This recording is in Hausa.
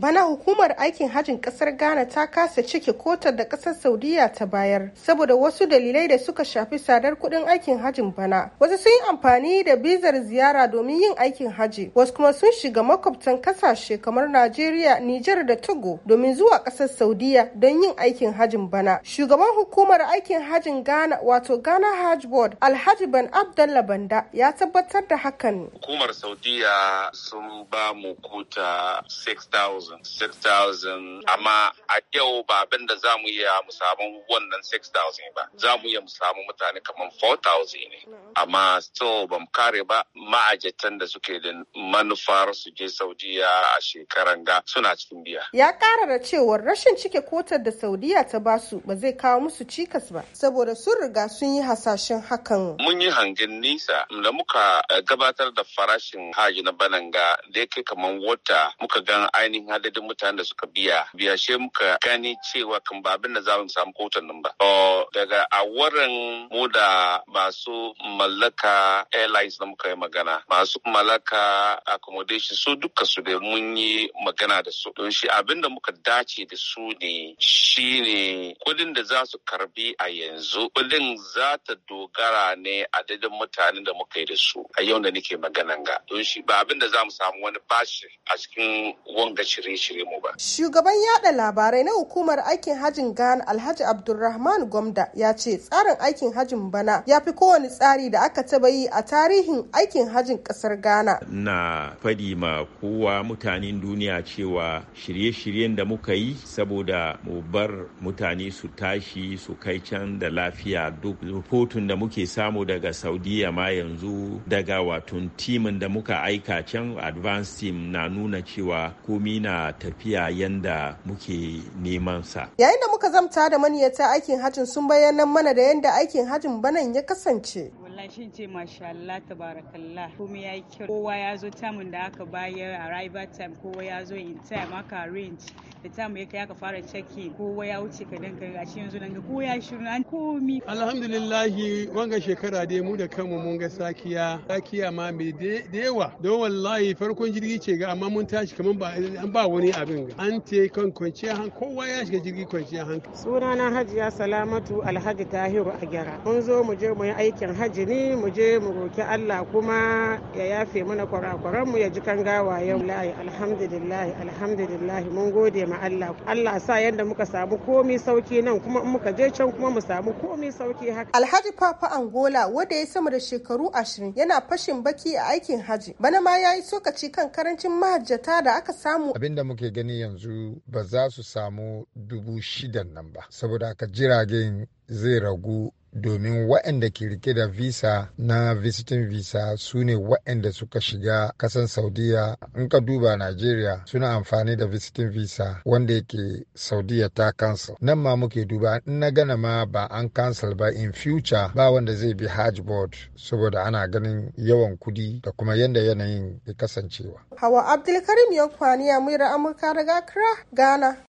Bana hukumar aikin hajin kasar Ghana ta kasa cike kotar da kasar Saudiya ta bayar saboda wasu dalilai da suka shafi sadar kuɗin aikin hajin bana. Wasu sun yi amfani da bizar ziyara domin yin aikin haji, wasu kuma sun shiga makwabtan kasashe kamar Najeriya, Nijar da Togo domin zuwa kasar Saudiya don yin aikin hajin bana. Shugaban hukumar aikin hajin Ghana wato Ghana Hajj Board Alhaji Ban Abdallah Banda ya tabbatar da hakan. Hukumar Saudiya sun ba mu kota 6,000 6,000. amma a yau ba abin da za mu iya mu samu wannan 6,000 ba. Za mu iya mu mutane kamar 4,000 ne. Amma still ba mu kare ba ma'ajatan da suke da manufar su je Saudiya a shekaran ga suna cikin biya. Ya kara da cewar rashin cike kotar da Saudiya ta basu ba zai kawo musu cikas ba saboda sun riga sun yi hasashen hakan. Mun yi hangen nisa da muka eh, gabatar da farashin haji na bananga da ya kai kamar wata muka gan ainihin adadin mutanen da suka biya biya she muka gani cewa kan ba abin da za samu kotun nan ba daga a wurin mu da masu mallaka airlines da muka yi magana masu mallaka accommodation su duka su da mun yi magana da su don shi abin da muka dace da su ne shine kudin da za su karbi a yanzu kudin za ta dogara ne adadin mutanen da muka yi da su a yau da nake maganan ga don shi ba abin da za mu samu wani bashi a cikin wanga shirye-shirye mu ba. Shugaban yada labarai na hukumar aikin hajin Ghana Alhaji Abdulrahman Gwamda ya ce tsarin aikin hajin bana ya fi kowane tsari da aka taba yi a tarihin aikin hajin kasar Ghana. Na fadi ma kowa mutanen duniya cewa shirye-shiryen da muka yi saboda mu bar mutane su tashi su kai can da lafiya duk rahoton da muke samu daga Saudiya ma yanzu daga watun timin da muka aika can advance team na nuna cewa komi yana tafiya yanda muke neman sa. Yayin da muka zamta da maniyata aikin hajjin sun bayyana mana da yadda aikin hajjin banan ya kasance. Allah shi ce masha Allah tabarakallah kuma ya kyau kowa ya zo tamun da aka bayar arrival time kowa ya zo in time aka arrange da tamu ya kai aka fara checking kowa ya wuce ka dan a shi yanzu ga kowa ya shiru an komi alhamdulillah wanga shekara dai mu da kanmu mun ga sakiya sakiya ma mai da yawa da wallahi farkon jirgi ce ga amma mun tashi kaman ba an ba wani abin ga an te kan kwanciya han kowa ya shiga jirgi kwanciya hankali sunana hajiya salamatu alhaji tahiru a mun zo mu je mu yi aikin haji Ni mu je mu roki Allah kuma ya yafe mana kwarakwaran mu ya ji kan gawayen lahi alhamdulillah alhamdulillah mun gode ma Allah Allah sa yadda muka samu komi sauki nan kuma in muka je can kuma mu samu komi sauki haka Alhaji Papa Angola wanda ya sama da shekaru 20 yana fashin baki a aikin haji bana ma yayi sokaci kan karancin mahajjata da aka samu abinda muke gani yanzu ba za su samu dubu shidan nan ba saboda haka jiragen zai ragu domin waɗanda ke rike da visa na visiting visa su ne waɗanda suka shiga kasan saudiya in ka duba nigeria suna amfani da visiting visa wanda yake saudiya ta cancel nan ma muke duba in na gana ma ba an cancel ba in future ba wanda zai bi hajj board saboda ana ganin yawan kudi da kuma yadda yanayin ya kasancewa hawa abdulkarim yankwani muyar amurka daga accra ghana